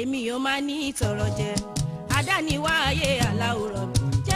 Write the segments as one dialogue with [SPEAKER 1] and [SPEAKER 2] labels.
[SPEAKER 1] èmi yóò máa ní ìtọ̀rọ̀ jẹ adániwáyé aláwòrán jẹ́.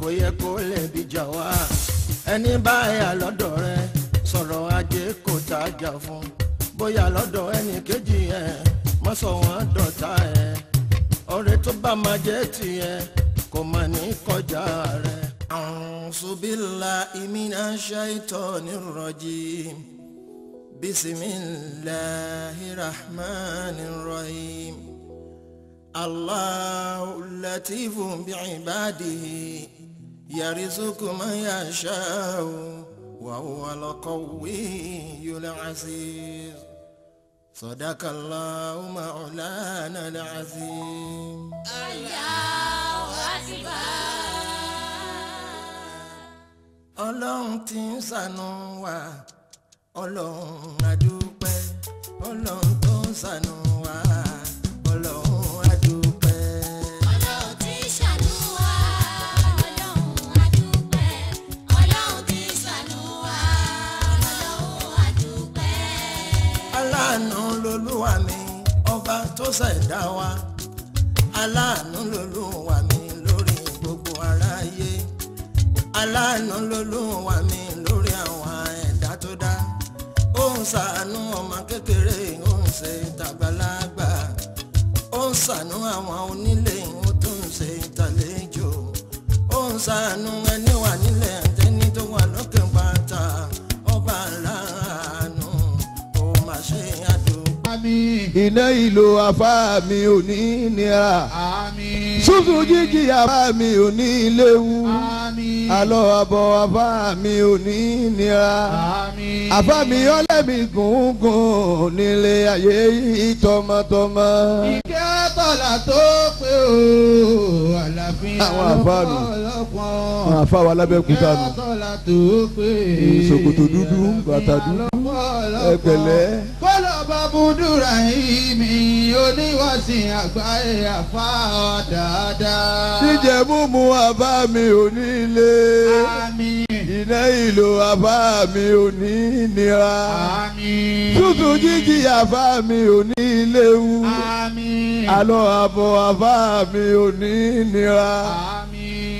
[SPEAKER 1] kò yẹ kó lè bí jà wá ẹni báyà lọ́dọ̀ rẹ sọ̀rọ̀ ajé kò tájà fún bóyá lọ́dọ̀ ẹnì kejì ẹ má sọ wọ́n dọ̀tá ẹ ọ̀rẹ́ tó bá máa jẹ́ tiẹ̀ kò má ní kọjá rẹ. أعوذ بالله من الشيطان الرجيم بسم الله الرحمن الرحيم الله لطيف بعباده يرزق من يشاء وهو القوي العزيز صدق الله مولانا العظيم الله أكبر ọlọ́run tí ń ṣàánú wa ọlọ́run a dúpẹ́ ọlọ́run tó ń ṣàánú wa. ṣàánú àwọn onílé ìhun tó ń ṣe ìtàlejò ó ń ṣàánú ẹni wà nílẹ̀ àtẹni tó wà lókè bàtà ọba láàánú ó mà ṣe àdúgbò.
[SPEAKER 2] iná ìlò afá mi ò ní nira sùsù jíjì afá mi ò ní léwu. Alo abo afá mi ò ní nira afá mi ọlẹ́mi gùngùn nílé ayé yìí tọmọtọmọ. ìkẹ́ tọ́lá tó pé o àlàfin ọlọ́pọ̀ àwọn afá wa lábẹ́kúta nù. ìkẹ́ tọ́lá tó pé o àlàfin ọlọ́pọ̀ ẹgbẹ̀lẹ́ ọba búndúràhìmì oníwàsìn àgbáyé àfa dáadáa. jíjẹ múmu àbá mi ò ní ilé. àmín. iná ìlò àbá mi ò ní nira. àmín. tútù jíjí àbá mi ò ní léwu. àmín. àlọ́ àbọ̀ àbá mi ò ní nira. àmín.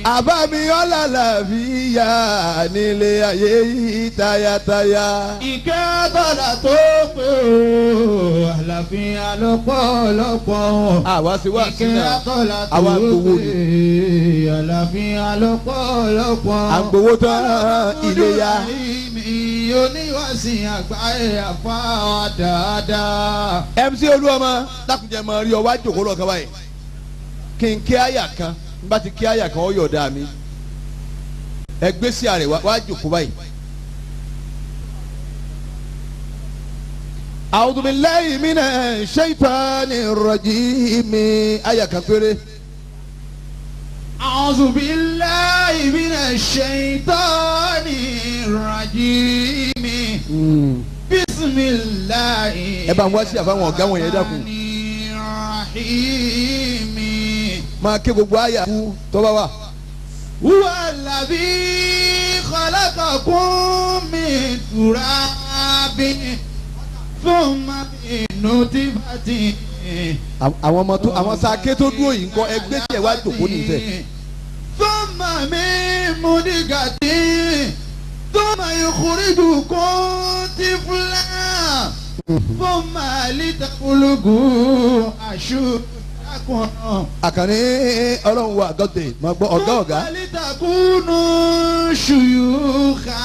[SPEAKER 2] Abami àbámi ọ̀làlàfíà nílé ayé yìí tayátayá. ìkẹ́ bọ̀dà tó pé o àlàfíà lọ́pọ̀lọpọ̀. àwa sì wá sínú àwa gbowó ni. àlàfíà lọ́pọ̀lọpọ̀. àgbowó tán iléyá. oníwàsí àgbáyé àfa wa dáadáa. MC Olúọmọ dákúnjẹ máa rí ọ wá jòkó lọ kaba yìí kí àyà kan n bá ti kí àyà kan ó yọ̀ọ̀dà mi ẹ gbé sí àrẹ wá jòkó báyìí. a'udhu billahi minash shaitanir rajim àyà kan péré. a'udhu billahi minash shaitanir rajim. Hmm. bismillah. ẹ bá ń wá sí àfáwọn ọ̀gá wọn yẹn dákun. rahimi máa ké gbogbo àyà kú tó bá wà. wúwo làbí kọlọ́kọ̀ kún mi tura bí fún ma inú tí bá ti. àwọn ọmọ tó àwọn sáké tó dúró yìí ń kọ ẹgbẹ́ tí ẹ wá jòkó nìfẹ́. fún màmí mo ní gàdí tó máa yọ kórìdù kún ti fúlẹ̀ fún màálí takulugu àṣù àkànní ọlọ́run wa àgọ́tẹ̀ máa gbọ́ ọ̀gá ọ̀gá. kọ́lítàkùnú ṣùyùkà.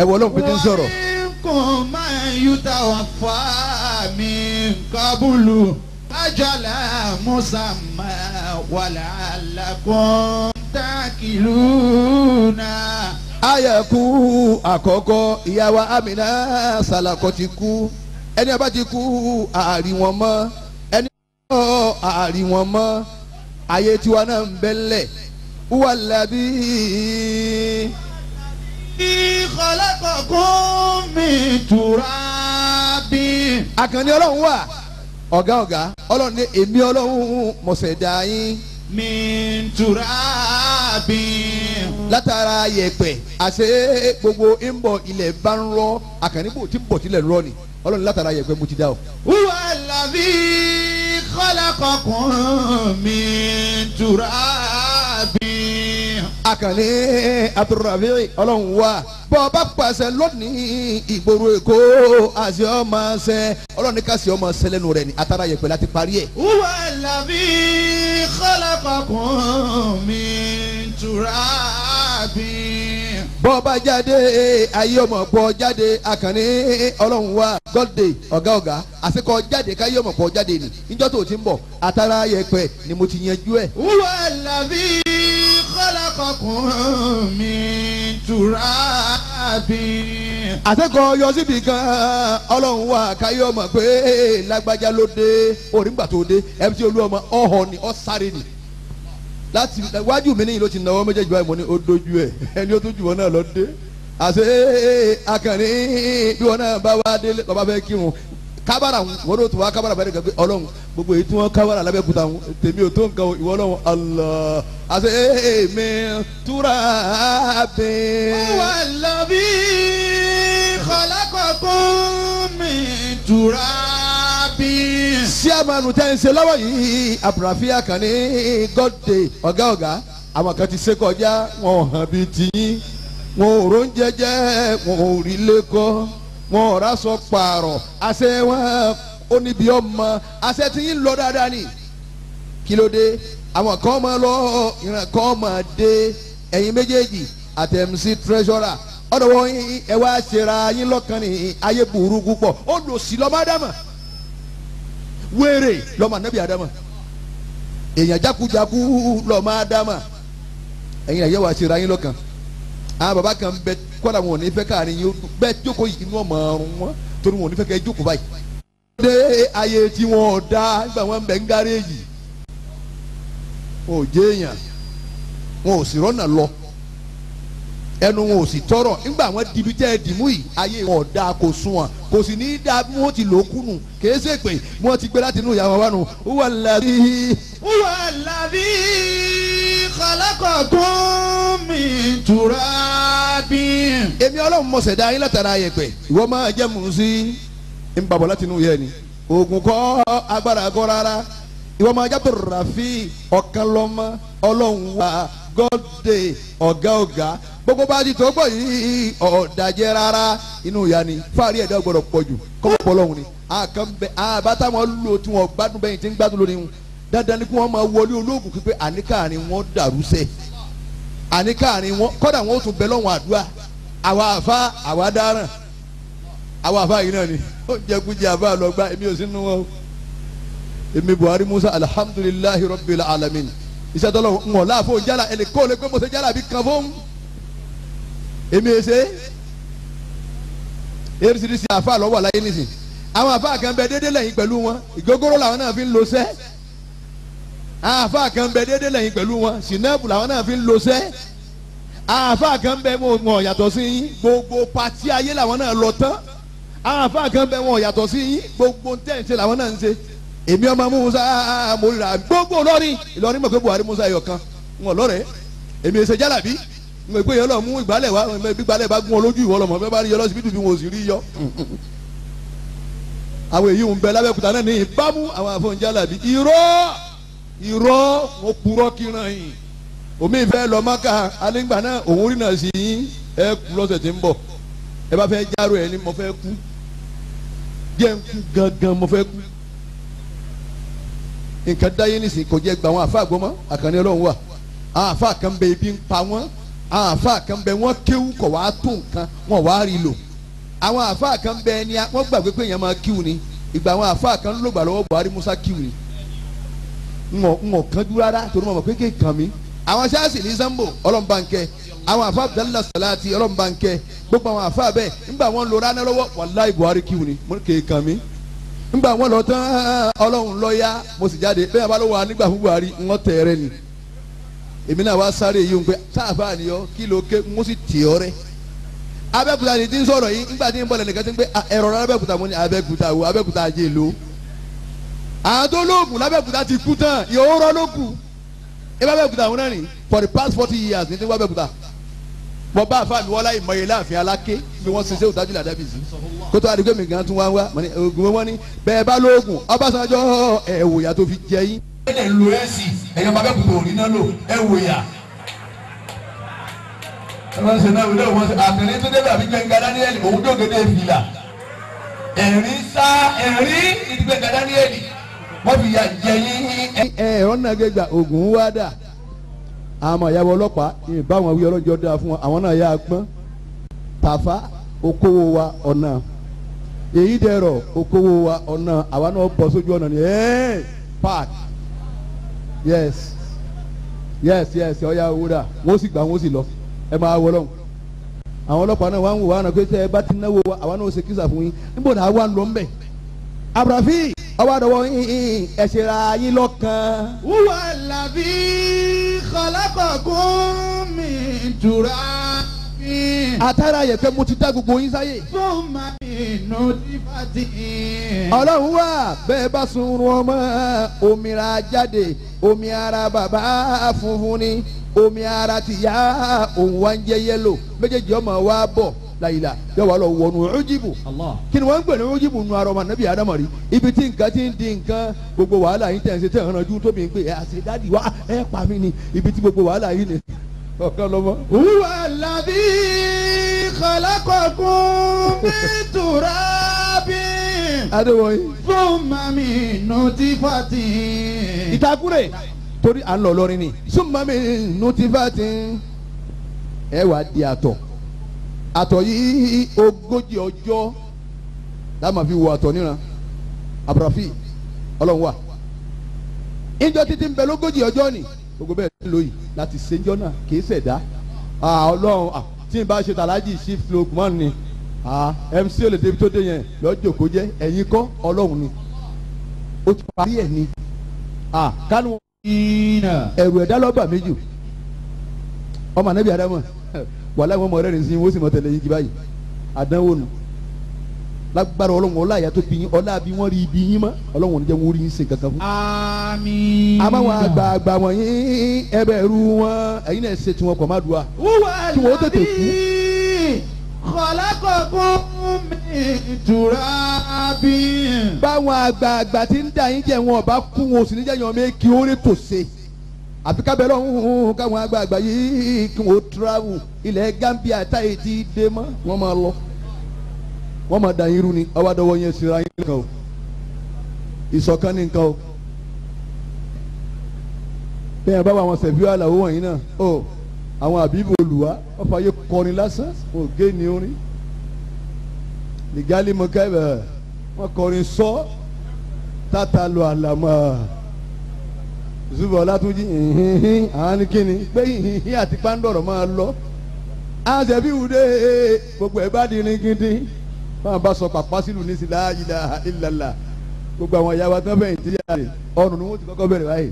[SPEAKER 2] ẹ wọ ọlọ́run pété ń sọ̀rọ̀. wọ́n kò máa yúta wà fà mí kábùlù ajala musamma wàlà àlàkùn tákìlúnà. ayẹ̀kú àkọ́kọ́ ìyá Amina Salako ti kú ẹni ọba ti kú àárín wọn mọ́ àárí wọn mọ́ ayé tiwa náà ń bẹ́lẹ̀ wàlábí. ìkọlẹ́kọ̀ọ́kún mi tura bí. àkànní ọlọ́run wà ọ̀gá ọ̀gá ọlọ́run ní èmi ọlọ́run mọ̀sẹ̀dá yín. mi tura bí. látara yẹ̀pẹ̀ àṣẹ gbogbo ń bọ̀ ilẹ̀ bá ń rọ àkànní bò tí bọ̀ tilẹ̀ rọ ni ọlọ́run látara yẹ̀pẹ̀ mo ti dá o. wàlábí kọ́lákọ̀kùn mi tùràbí. àkàlẹ́ abdulrabi ọlọ́run wa bọ́ bá pàṣẹ lónìí ìgboro èkó àṣẹ ọmọ ṣẹ ọlọ́run ní káṣí ọmọ ṣẹ lẹ́nu rẹ̀ ni atara yẹ̀pẹ̀ láti parí ẹ̀. wà á làbí kọ́lákọ̀kùn mi tùràbí. bọ́ọ̀bá jáde ayé ọmọ pọ̀ jáde akànní ọlọ́run wa gọ́dẹ̀ ọ̀gá ọ̀gá àfikọ́ jáde káyé ọmọ pọ̀ jáde níjọ́ tó ni mo ti yanjú ẹ̀. wúwo làbí kọ́lákọ̀kùn mi tura bí. àfikọ́ yọ síbi kan ọlọ́run wa káyé ọmọ pé lágbájá ló dé orí láti wájú mi níyìn ló ti náwó méjèèjì báyìí mo ní ó dojú ẹ ẹni ó tún jù wọn náà lọ dé àṣé akànní bí wọn náà bá wá délé bàbá fẹ́ kírun kábàrà wọn ló tún wá kábàrà bẹ́ẹ̀ gẹ́gẹ́ ọlọ́run gbogbo èyí tí wọ́n kábàrà lábẹ́kúta wọn tèmi ò tó nǹkan o ìwọ ọlọ́run Allah àṣé mi túra bẹ́. wà lọ bí kọlákọ̀ọ́kùn mi túra happy. síàmánu tẹ́ ń ṣe lọ́wọ́ yìí àbúràfíà kan ní gọ́dẹ ọ̀gá ọ̀gá àwọn kan ti ṣe kọjá wọn ò hàn bíi tiyín wọn ò rón jẹjẹ wọn ò rí lẹ́kọ́ wọn ò rásọ pààrọ̀ àṣẹ wọn ó níbi ọmọ àṣẹ tí ń lọ dáadáa ni kí ló dé àwọn kan máa lọ ìran kan máa dé ẹ̀yin méjèèjì àtẹ̀mísí treasurer ọ̀dọ̀ wọn ẹ wá ṣera yín lọ́kàn ní ayé burú púpọ̀ ó lò sí lọ́mọdé mọ̀. wéèrè lọ́mọ anabi adama èèyàn jákujáku lọ́mọ adama ẹ̀yin ẹ̀yẹ́ wàá ṣera yín lọ́kàn àwọn baba kan bẹ kọ́ra wọn ò ní fẹ́ káàrin yín bẹ́ẹ̀ jókòó yìí ọmọ ọ̀run wọn torí wọn wọn nígbà wọn bẹ ẹnu wọn ò sì tọrọ nígbà wọn dibi tẹ ẹ dìmú yìí ayé wọn ò kò sún wọn kò sì ní í dáa bí wọn ti lò ó kúnnù kèé ṣe pé wọn ti gbé láti inú ìyàwó wa nù. wà lábí. wà lábí kọlákọ̀tún mi tura bí. èmi ọlọ́run mọ̀ ṣẹ̀dá yín látara ayẹ̀pẹ̀ ìwọ máa jẹ́ mùsí ń bàbọ̀ láti inú yẹn ni oògùn kọ́ agbára kọ́ rárá ìwọ ọmọ ajátò rafi ọ̀kan lọ́mọ ọlọ́run wa gọ́dẹ ọ̀gá ọ̀gá gbogbo bá ti tó gbọ́ yìí ọ̀dàjẹ́ rárá inú ìyá ni fáàrí ẹ̀dá gbọ́dọ̀ pọ̀ jù kọ́kọ́ ọlọ́run ni àkànbẹ àbáta wọn lò tí wọn gbádùn bẹ́yìn tí ń gbádùn lónìí wọn dandan ni kí wọ́n máa wọlé olóògùn pípé àníkàárín wọn dàrú sẹ́ àníkàárín wọn kọ́dà wọn ó tún bẹ lọ́wọ́n àdúrà àwa àfa àwa dáràn àwa àfa yìí náà ni ó jẹ kújẹ àfa lọ gbá èmi ò sínú wọn o èmi Buhari Musa alihamudulilayi rabbil alamin iṣẹ́ tọ́lọ̀ ń wọ̀ láàfọ̀ ń jálà ẹnì kó lè gbé mọ́sẹ̀ jálà bí kan fún èmi ẹ̀ṣẹ́ erisirisi àfa lọ́wọ́ àlàyé nìsín àwọn àfa kan bẹ déédéé lẹ́yìn pẹ̀lú wọn ìgógóró làwọn náà fi lo sẹ́ àfa kan bẹ déédéé lẹ́yìn pẹ̀lú wọn sinapu làwọn náà fi lo sẹ́ àfa kan bẹ wọn ò yàtọ̀ sí gbogbo pati ayé làwọn náà lọ tán àfa kan bẹ wọn ò yàtọ̀ sí gbogbo ntẹ́ǹsẹ̀ làwọn náà ń ṣe èmi ọmọ musa mula gbogbo lọrin Ìlọrin mọ̀ pé Buhari musa yọ kan ń wọ lọ́rẹ̀ẹ́ èmi ẹsẹ̀ jálàbí ń gbé yẹn lọ mú ìgbálẹ̀ wá bí ìgbálẹ̀ bá gún ọ lójú ìwọ lọmọ bẹ́ẹ̀ bá rí yọ lọ́sibítù bí wọn ò sì rí yọ. àwọn èyí ń bẹ lábẹ́kúta náà ní ìbámu àwọn àfọ̀n jálàbí irọ́ irọ́ wọn purọ́ kíran yìí omi ìfẹ́ lọ mọ́kà alẹ́ngbà náà òun rí náà sí ẹ kú lọ́sẹ̀ tí ń bọ̀ ẹ bá fẹ́ járó ẹ ní mo fẹ́ kú jẹ́ ń kú gangan mo fẹ́ kú nǹkan dáyé nísìnyí kò jẹ́ gba àwọn àfa àgbọ̀mọ́ àkànní ọlọ́run wà àfa kan bẹ ibi ń pa wọ́n àwọn àfa kan bẹ wọ́n kéwú kọ̀ wá tó nǹkan wọ́n wá rí lò àwọn àfa kan bẹ ni wọ́n gbàgbé pé èèyàn máa kíw ni ìgbà àwọn àfa kan ló gbà lọ́wọ́ Buhari Musa kíw ni ńwọ̀n kanjú rárá torí mọ̀ kéèké kàn mí àwọn sáàsì ní Sambo ọlọ́mbankẹ́ àwọn àfa Abdallah Salati ọlọ́mbankẹ́ gbogbo àwọn àfa bẹ́ẹ̀ ńgbà wọn lora náà lọ́wọ́ wàláì Buhari kíw ni nígbà wọn lọ tán ọlọ́run lọ́ọ́yà mo sì jáde bẹ́ẹ̀ bá ló nígbà fún Buhari ń tẹ̀ rẹ ni èmi náà wá sáré yìí ń pẹ́ sáàfà nìyọ kí ké mo sì tì ọ́ rẹ Abẹ́òkúta ni tí sọ̀rọ̀ yìí nígbà tí ń bọ̀lẹ̀ nìkan ti ń pẹ́ ẹ̀rọ Abẹ́òkúta mo ní Abẹ́òkúta wo Abẹ́òkúta ajé lo àádọ́lóògùn lábẹ́òkúta ti kú tán ìhòòrọ́ ló ẹ bá Abẹ́òkúta wọn náà ní for the past forty years ní ti wá Abẹ́òkúta mo bá àfa mi wọlá ìmọ̀ye láàfin aláké bí wọ́n ṣiṣẹ́ òtájú làdá bìí sí kótó àdìgbò mi gan tún wá wá oògùn wọn ni bẹ́ẹ̀ bá lóògùn Ọbásanjọ́ ẹ̀ tó fi jẹ yín. ẹ̀ẹ́dẹ̀ lo ẹ̀sì ẹ̀yọ́ bàbá kùtù òní náà lò ẹ̀ wòyà. ṣe náà wílé òun ṣe àtẹ̀lé tó débà bí Gbẹ̀ngà Daniel òun tó gèdè fìlà ẹ̀rín sá ẹ̀rín ìdí Gbẹ̀ngà wọ́n fi yà jẹ àmọ́ ìyàwó ọlọ́pàá ìbáwọn wí ọlọ́jọ́ dáa fún wọn àwọn náà yà á gbọ́n tàfà okòwò wa ọ̀nà èyí dẹ̀rọ̀ okòwò wa ọ̀nà àwa náà bọ̀ sójú ọ̀nà ni ẹ́ẹ́ park yes yes yes ọ̀ya wúrà wọ́n sì gbà wọ́n sì lọ ẹ máa wọ lọ́hùn àwọn ọlọ́pàá náà wà ń wò wá náà pé tẹ́ ẹ bá ti náwó wa àwa náà ó ṣe kíṣà fún yín níbo náà wà ń lọ mbẹ́ abrafi ọwọ́ àdọ́wọ́ ẹ ṣe ra yín lọ́kàn. wúwa làbí khalaqakum min turabin. àtàrà yẹn pé mo ti dá gbogbo yín sáyé. fún ma inú dífàtì. ọlọ́run wà bẹ́ẹ̀ bá sunrun ọmọ omira jáde omi ara bàbá funfun láyìlá yóò wà lọ wọnú ọjìbù kí ni wọ́n ń ní ọjìbù nu ara ọmọ nàbí adama rí ibi tí nǹkan ti ń di nǹkan gbogbo wàhálà yìí tẹ̀ ń ṣe tẹ̀ ń ranjú tóbi ń pè àṣẹ dáàdì wá ẹ̀ pa mí ni ibi tí gbogbo wàhálà yìí ni ọ̀kan lọ́mọ. wà lábí kọlákọ̀kún mi tura bí. fún mami nùtífàtì. ìtakùrẹ̀ torí à ń lọ lọ́rin ni. fún mami nùtífàtì. ẹ wàá di àtọ̀ àtọ̀ yìí ogójì ọjọ́ láàmà fi wo àtọ̀ níran àbúràfì ọlọ́run wà ìjọ títí ń bẹ lógójì ọjọ́ ni gbogbo bẹ́ẹ̀ ló yìí láti ṣèjọ́ náà kì í ṣẹ̀dá ọlọ́run tí n bá ṣe tàlájì sí flogman ni mc olè débi tó dé yẹn lọ́jọ́ kó jẹ́ ẹ̀yin kọ́ ọlọ́run ni ó ti parí ẹ̀ ni kánú ẹ̀rù ẹ̀dá lọ́ba méjì ọmọ anábì adamu wàhálà ìwọ̀n mọ̀ọ́rẹ́ rẹ̀ sí wọ́n sì mọ̀ tẹ̀lé yìí báyìí àdánwò nù lágbára ọlọ́run ọlá àyàtọ̀ bí yín ọlá bí wọ́n rí ibi yín mọ́ ọlọ́run jẹ́ wọ́n rí yín ṣe kankan fún. àmín. àbáwọn àgbààgbà wọ̀nyí ẹ bẹ̀rù wọn ẹ̀yin náà ṣe tiwọn kọ̀ má dùn wa. kí wọ́n mi ìtura bí. báwọn àgbààgbà ti ń dà yín jẹ́ wọn ọba kú wọn ò sì ní jẹ́ yan mi ó rí tòṣe àfi ká bẹ̀rẹ̀ ọ̀hún káwọn àgbààgbà yìí kí wọ́n travel ilẹ̀ Gambia táyé ti dé mọ́ wọ́n máa lọ wọ́n máa dà yín rú ni ọwọ́ àdọ́wọ́ yẹn sira yín nìkan o ìṣọ̀kan nìkan o bẹ́ẹ̀ bá wà àwọn sẹ̀fí àlàó wọ̀nyí náà o àwọn àbíbò olùwà ọ̀fọ̀ ayé kọrin lásán wọn ò gé ní orin nìgálímọ̀ kẹ́bẹ̀ wọ́n kọrin sọ tàtà lọ àlàmọ́ zubu ọlátúnjì hìhìhìn àwọn ní kíni pé hìhìhìn àti pàǹdọ̀rọ̀ máa lọ àṣẹbí wùdé gbogbo ẹ̀ bá di ní gidi báwọn bá sọ pàpà sílùú ní sílá ìlà ìlàlà gbogbo àwọn ìyá wa tó bẹ̀yìn tí yára rẹ̀ ọrùn ni wọ́n ti kọ́kọ́ bẹ̀rẹ̀ báyìí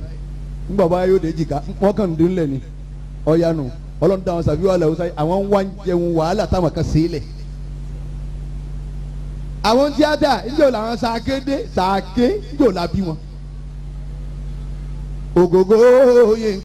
[SPEAKER 2] nígbà bá yóò dé jìkà wọ́n kàn dín lẹ̀ ni ọ̀ya nù ọlọ́run dáhùn sàbí wàhálà ọ̀sá àwọn ń wá ń jẹun wàhálà táwọn kan sí ilẹ̀ àwọn tíátà ń jò làwọn sàkéde sàké ń jò làbí wọn ògógó yìí.